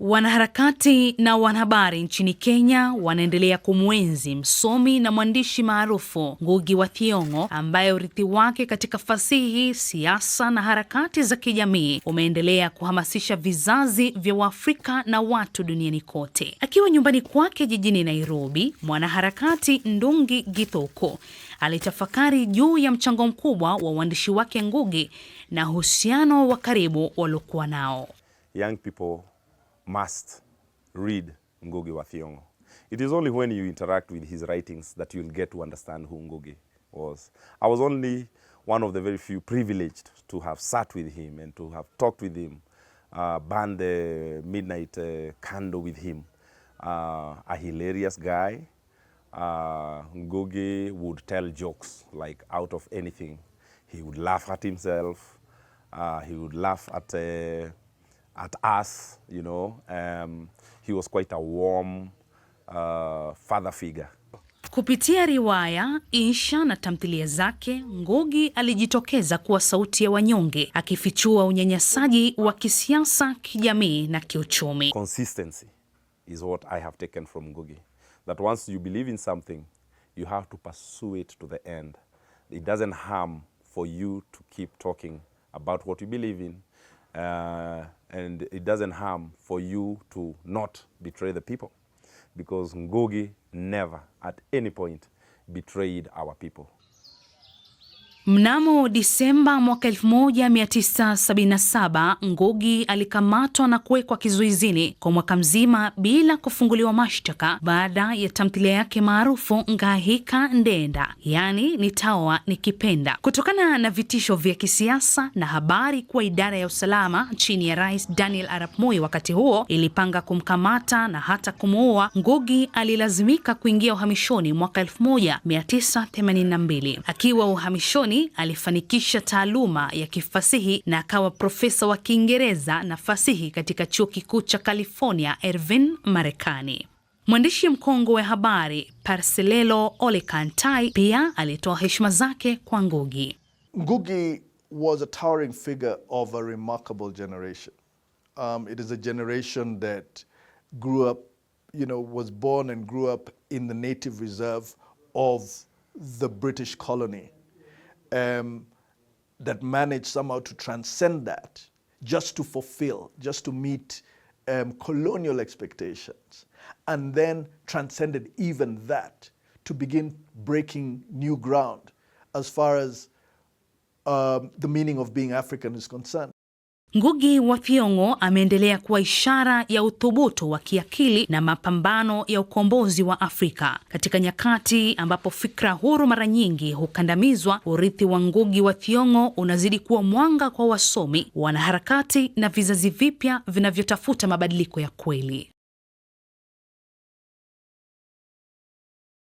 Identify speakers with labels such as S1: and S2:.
S1: Wanaharakati na wanahabari nchini Kenya wanaendelea kumwenzi msomi na mwandishi maarufu Ngugi wa Thiong'o ambaye urithi wake katika fasihi, siasa na harakati za kijamii umeendelea kuhamasisha vizazi vya Waafrika na watu duniani kote. Akiwa nyumbani kwake jijini Nairobi, mwanaharakati Ndungi Githuku alitafakari juu ya mchango mkubwa wa uandishi wake Ngugi na uhusiano wa karibu waliokuwa nao
S2: Young people must read Ngugi wa Thiong'o. It is only when you interact with his writings that you'll get to understand who Ngugi was. I was only one of the very few privileged to have sat with him and to have talked with him, uh, burned the midnight uh, candle with him. Uh, a hilarious guy. Uh, Ngugi would tell jokes like out of anything. He would laugh at himself. Uh, he would laugh at uh, at us, you know. Um, he was quite a warm uh, father figure.
S1: Kupitia riwaya, insha na tamthilia zake, Ngugi alijitokeza kuwa sauti ya wanyonge, akifichua unyanyasaji wa kisiasa, kijamii na kiuchumi.
S2: Consistency is what I have taken from Ngugi. That once you believe in something, you have to pursue it to the end. It doesn't harm for you to keep talking about what you believe in. Uh, and it doesn't harm for you to not betray the people because Ngugi never at any point betrayed our people.
S1: Mnamo Disemba mwaka 1977 Ngugi alikamatwa na kuwekwa kizuizini kwa mwaka mzima bila kufunguliwa mashtaka baada ya tamthilia yake maarufu Ngahika Ndenda, yaani nitaoa nikipenda. Kutokana na vitisho vya kisiasa na habari kuwa idara ya usalama chini ya Rais Daniel Arap Moi wakati huo ilipanga kumkamata na hata kumuua, Ngugi alilazimika kuingia uhamishoni mwaka 1982. Akiwa uhamishoni alifanikisha taaluma ya kifasihi na akawa profesa wa Kiingereza na fasihi katika chuo kikuu cha California, Irvine, Marekani. Mwandishi mkongwe wa habari Parselelo Olekantai pia alitoa heshima zake kwa Ngugi.
S2: Ngugi was a towering figure of a remarkable generation. Um, it is a generation that grew up, you know, was born and grew up in the native reserve of the British colony. um, that managed somehow to transcend that just to fulfill, just to meet um, colonial expectations, and then transcended even that to begin breaking new ground as far as um, the meaning of being African is concerned.
S1: Ngugi wa Thiong'o ameendelea kuwa ishara ya uthubutu wa kiakili na mapambano ya ukombozi wa Afrika. Katika nyakati ambapo fikra huru mara nyingi hukandamizwa, urithi wa Ngugi wa Thiong'o unazidi kuwa mwanga kwa wasomi, wanaharakati na vizazi vipya vinavyotafuta mabadiliko ya kweli.